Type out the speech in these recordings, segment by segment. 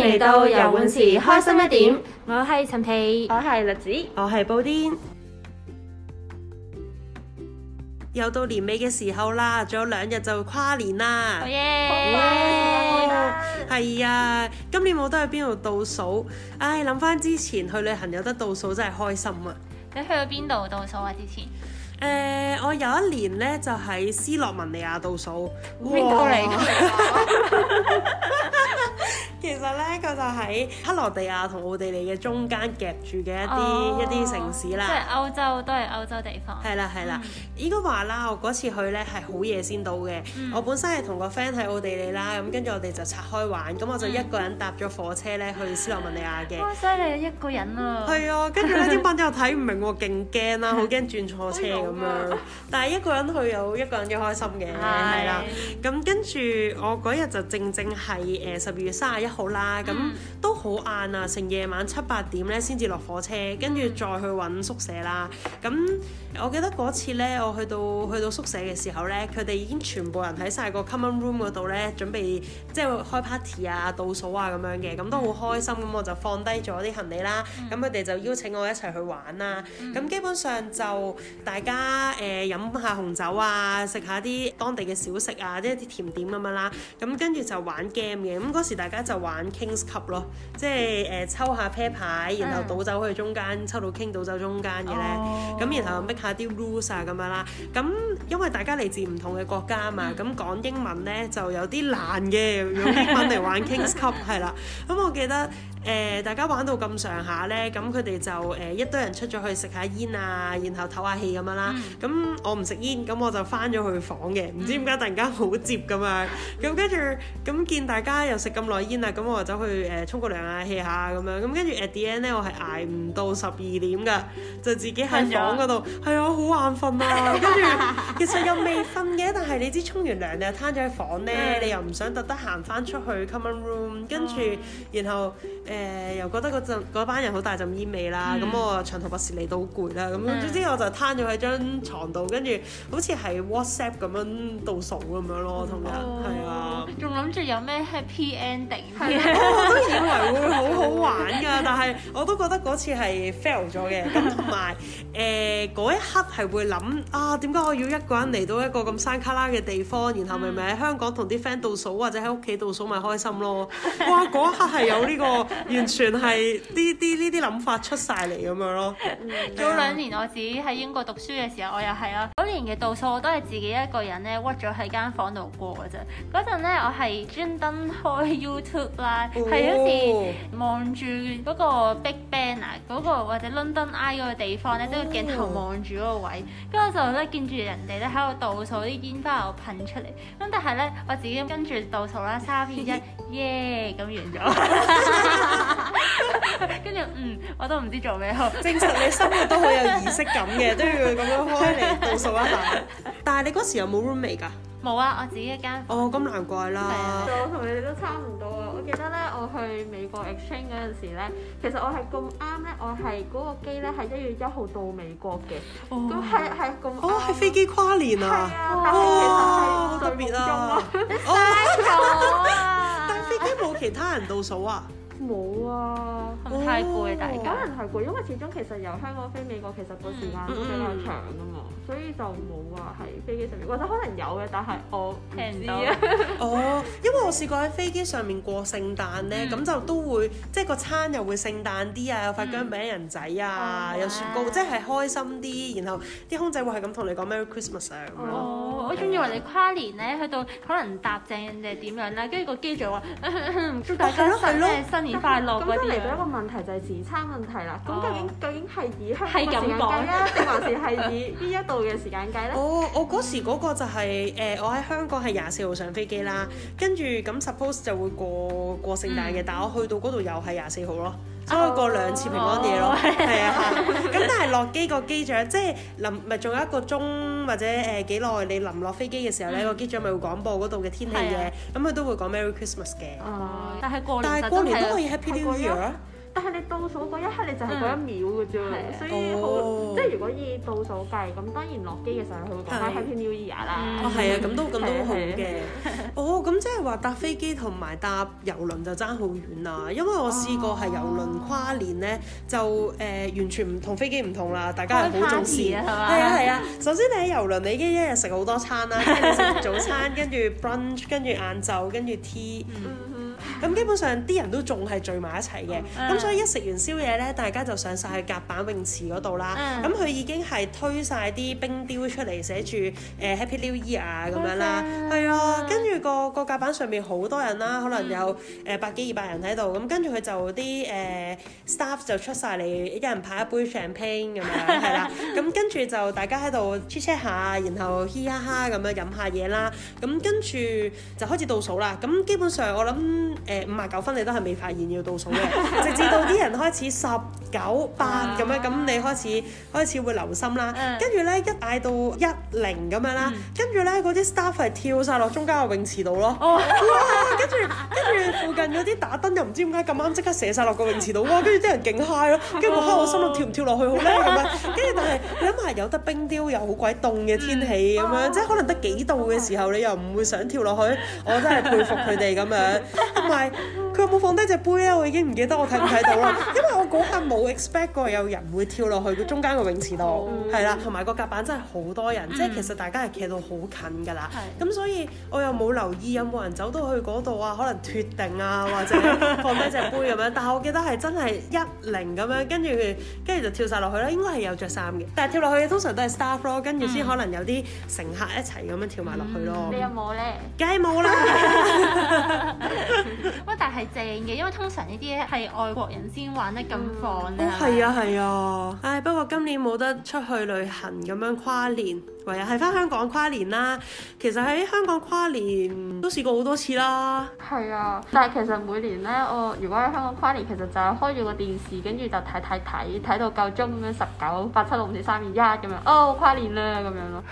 歡迎嚟到遊玩時，開心一點。我係陳皮，我係栗子，我係布丁。又到年尾嘅時候啦，仲有兩日就跨年啦。係啊，今年我都去邊度倒數？唉，諗翻之前去旅行有得倒數，真係開心啊！你去咗邊度倒數啊？之前？誒，我有一年咧，就喺斯洛文尼亞倒數。邊度嚟？其實咧，佢就喺克羅地亞同奧地利嘅中間夾住嘅一啲一啲城市啦，即係歐洲都係歐洲地方。係啦係啦，應該話啦，我嗰次去咧係好夜先到嘅。我本身係同個 friend 喺奧地利啦，咁跟住我哋就拆開玩，咁我就一個人搭咗火車咧去斯洛文尼亞嘅。犀利一個人啊！係啊，跟住呢啲班友睇唔明喎，勁驚啦，好驚轉錯車咁樣。但係一個人去有一個人嘅開心嘅，係啦。咁跟住我嗰日就正正係誒十二月三十一。好啦，咁都好晏啊，成夜晚七八點咧先至落火車，跟住再去揾宿舍啦。咁我記得嗰次咧，我去到去到宿舍嘅時候咧，佢哋已經全部人喺晒個 common room 度咧，準備即係開 party 啊、倒數啊咁樣嘅，咁都好開心。咁我就放低咗啲行李啦，咁佢哋就邀請我一齊去玩啦。咁基本上就大家誒飲下紅酒啊，食下啲當地嘅小食啊，即係啲甜點咁樣啦。咁跟住就玩 game 嘅。咁嗰時大家就～玩 king's cup 咯，即係誒抽下 pair 牌，然後倒走去中間抽到 king，倒走中間嘅咧，咁、oh. 然後搣下啲 rules 啊咁樣啦。咁因為大家嚟自唔同嘅國家嘛，咁講 英文咧就有啲難嘅，用英文嚟玩 king's cup 係啦。 咁、嗯、我記得誒、呃、大家玩到咁上下咧，咁佢哋就誒、呃、一堆人出咗去食下煙啊，然後唞下氣咁樣啦。咁 我唔食煙，咁我就翻咗去房嘅。唔知點解突然間好接咁樣，咁跟住咁見大家又食咁耐煙啊～咁我走去誒沖個涼啊 hea 下咁樣，咁跟住 at the end 咧，我係捱唔到十二點㗎，就自己喺房嗰度，係啊，好眼瞓啊，跟住其實又未瞓嘅，但係你知沖完涼你又攤咗喺房咧，你又唔想特登行翻出去 common room，跟住然後誒又覺得嗰班人好大陣煙味啦，咁我長途跋涉嚟到好攰啦，咁總之我就攤咗喺張床度，跟住好似喺 WhatsApp 咁樣倒數咁樣咯，同埋係啊，仲諗住有咩 happy ending？ 哦、我我都以為會好好玩㗎，但係我都覺得嗰次係 fail 咗嘅。咁同埋誒嗰一刻係會諗啊，點解我要一個人嚟到一個咁山卡拉嘅地方，然後咪咪喺香港同啲 friend 倒數或者喺屋企倒數咪開心咯？哇！嗰一刻係有呢、呢個完全係呢啲呢啲諗法出晒嚟咁樣咯。早、嗯、兩年、啊、我自己喺英國讀書嘅時候，我又係啦。嗰年嘅倒數我都係自己一個人咧屈咗喺間房度過㗎啫。嗰陣咧我係專登開 YouTube。係好似望住嗰個 Big Ben 啊，嗰、嗰個或者 London Eye 嗰個地方咧，都要鏡頭望住嗰個位。跟住我就咧見住人哋咧喺度倒數啲煙花又噴出嚟。咁但係咧，我自己跟住倒數啦，三二一，耶！ 咁完咗。跟住嗯，我都唔知做咩好，正常你生活都好有儀式感嘅， 都要咁樣開嚟倒數一下。但係你嗰時有冇 roommate 㗎？冇啊，我自己一間。哦，咁難怪啦。係啊。就我同你哋都差唔多啊！我記得咧，我去美國 exchange 嗰陣時咧，其實我係咁啱咧，我係嗰個機咧係一月一號到美國嘅。哦。咁係係咁啱。哦，係飛機跨年啊！係啊，但係其實係、哦、特別啊。太好啦！ 但係飛機冇其他人倒數啊？冇啊，唔太攰，但係可能係攰，因為始終其實由香港飛美國其實個時間比較長啊嘛，所以就冇話喺飛機上面。或者可能有嘅，但係我唔知啊。哦，因為我試過喺飛機上面過聖誕咧，咁就都會即係個餐又會聖誕啲啊，有塊姜餅人仔啊，有雪糕，即係開心啲。然後啲空姐會係咁同你講 Merry Christmas 啊。我仲以為你跨年咧，去到可能搭正定點樣啦，跟住個機長話祝 大家咩新年快樂嗰啲、啊。嚟、啊、到一個問題就係時差問題啦。咁、哦、究竟究竟係以香港時間計定、啊、還是係以呢一度嘅時間計咧？哦，我嗰時嗰個就係、是、誒、嗯呃，我喺香港係廿四號上飛機啦，跟住咁、嗯、suppose 就會過過聖誕嘅，嗯、但係我去到嗰度又係廿四號咯，所以過兩次平安夜咯。係啊、哦，咁 但係落機個機長即係臨咪仲有一個鐘。或者誒幾耐？呃、你臨落飛機嘅時候咧，嗯、個機長咪會廣播嗰度嘅天氣嘅，咁佢的、嗯、都會講 Merry Christmas 嘅。嗯、但係過年，但係過年，是年都可以 Happy New Year 啊。但係你倒數嗰一刻，你就係嗰一秒嘅啫，所以好，即係如果以倒數計，咁當然落機嘅時候佢會講 Happy New Year 啦。哦，係啊，咁都咁都好嘅。哦，咁即係話搭飛機同埋搭郵輪就爭好遠啦，因為我試過係郵輪跨年咧，就誒完全唔同飛機唔同啦，大家係好重視啊，係啊係啊。首先你喺郵輪，你一一日食好多餐啦，跟住食早餐，跟住 brunch，跟住晏晝，跟住 tea。咁基本上啲人都仲係聚埋一齊嘅，咁所以一食完宵夜咧，大家就上晒去甲板泳池嗰度啦。咁佢已經係推晒啲冰雕出嚟，寫住誒 Happy New Year 咁樣啦，係啊。跟住個個甲板上面好多人啦，可能有誒百幾二百人喺度。咁跟住佢就啲誒 staff 就出晒嚟，一人派一杯 champagne 咁樣係啦。咁跟住就大家喺度 chat chat 下，然後嘻嘻哈哈咁樣飲下嘢啦。咁跟住就開始倒數啦。咁基本上我諗。誒五啊九分，你都係未發現要倒數嘅， 直至到啲人開始十。九八咁樣，咁你開始、uh, 開始會留心啦。跟住咧一嗌到一零咁樣啦，跟住咧嗰啲 staff 係跳晒落中間個泳池度咯。Uh, 哇！跟住跟住附近嗰啲打燈又唔知點解咁啱即刻射晒落個泳池度。哇！跟住啲人勁嗨咯，跟住我開我心度跳唔跳落去好叻咁啊！跟住、uh, 但係你諗下，有得冰雕又好鬼凍嘅天氣咁樣，uh, uh, 即係可能得幾度嘅時候，你又唔會想跳落去。我真係佩服佢哋咁樣，同埋。佢有冇放低隻杯咧？我已經唔記得我睇唔睇到啦， 因為我嗰刻冇 expect 過有人會跳落去個中間個泳池度，係啦、oh.，同埋個甲板真係好多人，mm. 即係其實大家係企到好近㗎啦。咁是所以我又冇留意有冇人走到去嗰度啊，可能脫定啊，或者放低隻杯咁樣。 但係我記得係真係一零咁樣，跟住跟住就跳晒落去啦。應該係有着衫嘅，但係跳落去通常都係 staff 咯，跟住先可能有啲乘客一齊咁樣跳埋落去咯。Mm. 你有冇咧？梗係冇啦。 但係。正嘅，因為通常呢啲係外國人先玩得咁放啦。嗯、吧哦，係啊，係啊。唉、哎，不過今年冇得出去旅行咁樣跨年。係啊，係返香港跨年啦。其實喺香港跨年都試過好多次啦。係啊，但係其實每年咧，我如果喺香港跨年，其實就係開住個電視，跟住就睇睇睇，睇到夠鐘咁樣十九八七六五四三二一咁樣，哦，跨年啦咁樣咯。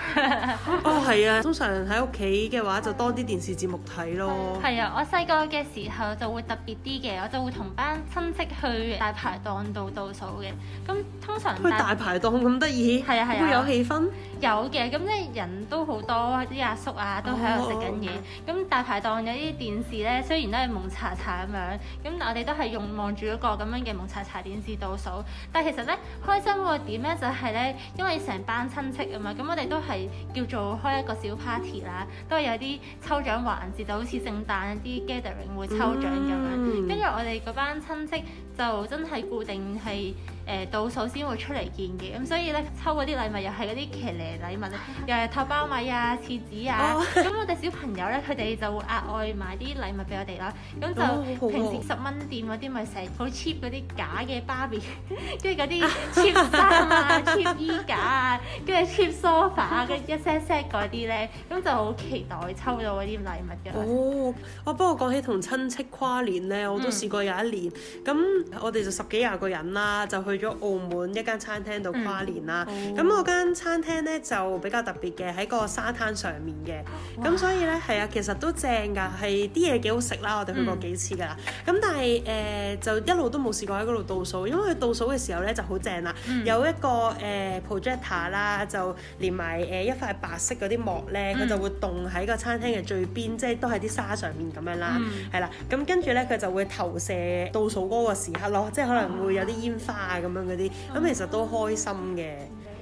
係、 哦、啊，通常喺屋企嘅話就多啲電視節目睇咯。係啊，我細個嘅時候就會特別啲嘅，我就會同班親戚去大排檔度倒數嘅。咁、嗯、通常去大、大排檔咁得意，係啊係啊，會、啊啊、有氣氛。有嘅，咁即係人都好多，啲阿叔啊都喺度食緊嘢。咁、oh, oh, okay. 大排檔有啲電視咧，雖然都係蒙查查咁樣，咁我哋都係用望住一個咁樣嘅蒙查查電視倒數。但係其實咧，開心嗰個點咧就係咧，因為成班親戚啊嘛，咁我哋都係叫做開一個小 party 啦，都係有啲抽獎環節，就好似聖誕啲 gathering 會抽獎咁樣，mm。跟、hmm. 住我哋嗰班親戚。就真係固定係誒倒數先會出嚟見嘅，咁所以咧抽嗰啲禮物又係嗰啲騎呢禮物咧，又係兔包米啊、廁紙啊，咁我哋小朋友咧佢哋就會額外買啲禮物俾我哋啦，咁就平時十蚊店嗰啲咪成日好 cheap 嗰啲假嘅芭比，跟住嗰啲 cheap 衫啊、cheap 衣架啊，跟住 cheap sofa，跟一 set set 嗰啲咧，咁就好期待抽到嗰啲禮物㗎。哦，我不過講起同親戚跨年咧，我都試過有一年咁。我哋就十幾廿個人啦，就去咗澳門一間餐廳度跨年啦。咁嗰間餐廳咧就比較特別嘅，喺個沙灘上面嘅。咁哇所以咧，係啊，其實都正㗎，係啲嘢幾好食啦。我哋去過幾次㗎啦。咁、嗯、但係誒、呃，就一路都冇試過喺嗰度倒數，因為佢倒數嘅時候咧就好正啦。嗯、有一個誒 projector 啦，就連埋誒一塊白色嗰啲膜咧，佢、嗯、就會棟喺個餐廳嘅最邊，即、就、係、是、都係啲沙上面咁樣、嗯、啦。係啦，咁跟住咧佢就會投射倒數嗰個時。即係可能會有啲煙花啊咁樣嗰啲，咁其實都開心嘅。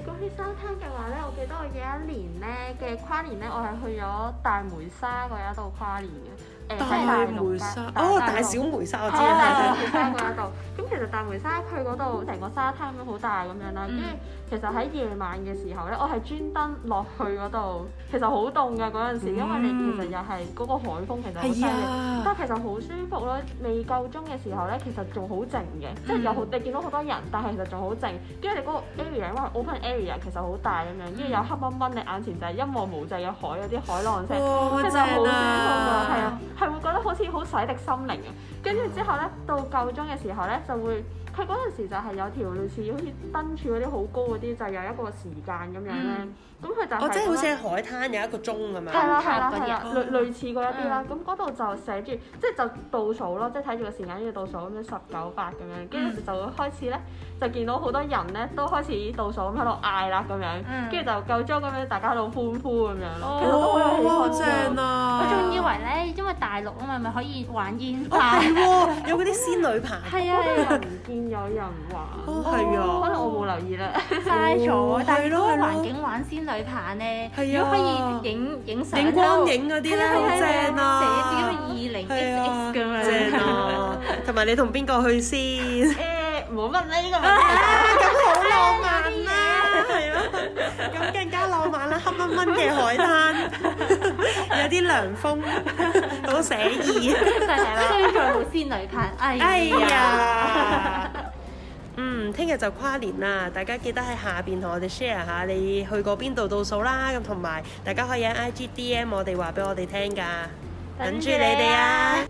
講起沙灘嘅話咧，我記得我有一年咧嘅跨年咧，我係去咗大梅沙嗰一度跨年嘅。誒、呃，即係大梅沙、呃、大哦，大小梅沙龍我知大小梅沙嗰度，咁 其實大梅沙去嗰度成個沙灘都好大咁樣啦。跟住、嗯、其實喺夜晚嘅時候咧，我係專登落去嗰度，其實好凍嘅嗰陣時，因為你其實又係嗰個海風其實好犀利，嗯、但係其實好舒服咯。未夠鐘嘅時候咧，其實仲好靜嘅，嗯、即係有你見到好多人，但係其實仲好靜。跟住你嗰個 area 其實好大咁樣，跟住有黑濛濛，你眼前就係一望無際嘅海，有啲海浪聲，即係好舒服啊，係啊，係會覺得好似好洗滌心靈啊。跟住之後咧，到夠鐘嘅時候咧，就會。佢嗰陣時就係有條類似好似燈柱嗰啲好高嗰啲，就有一個時間咁樣咧。咁佢就即係好似喺海灘有一個鐘咁樣！係啦係啦係啦，類類似嗰一啲啦。咁嗰度就寫住，即係就倒數咯，即係睇住個時間要倒數咁樣，十九八咁樣，跟住就會開始咧，就見到好多人咧都開始倒數咁喺度嗌啦咁樣，跟住就夠鐘咁樣，大家喺度歡呼咁樣。其實都好正啊！我仲以為咧，因為大陸啊嘛，咪可以玩煙花有啲仙女棒。係啊！有人玩，可能我冇留意啦，嘥咗。但係去環境玩仙女棒咧，如果可以影影相影光影嗰啲咧，好正啦。寫到二零一四咁樣，同埋你同邊個去先？誒冇乜咧，咁好浪漫啦，係咯，咁更加浪漫啦，黑蚊蚊嘅海灘，有啲涼風，好寫意。真在好仙女棒，哎呀！嗯，聽日就跨年啦！大家記得喺下邊同我哋 share 下你去過邊度倒數啦，咁同埋大家可以喺 IGDM 我哋話俾我哋聽㗎，等住你哋啊！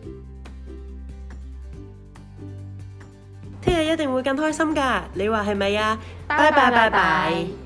聽日一定會更開心㗎，你話係咪啊？拜拜，拜拜。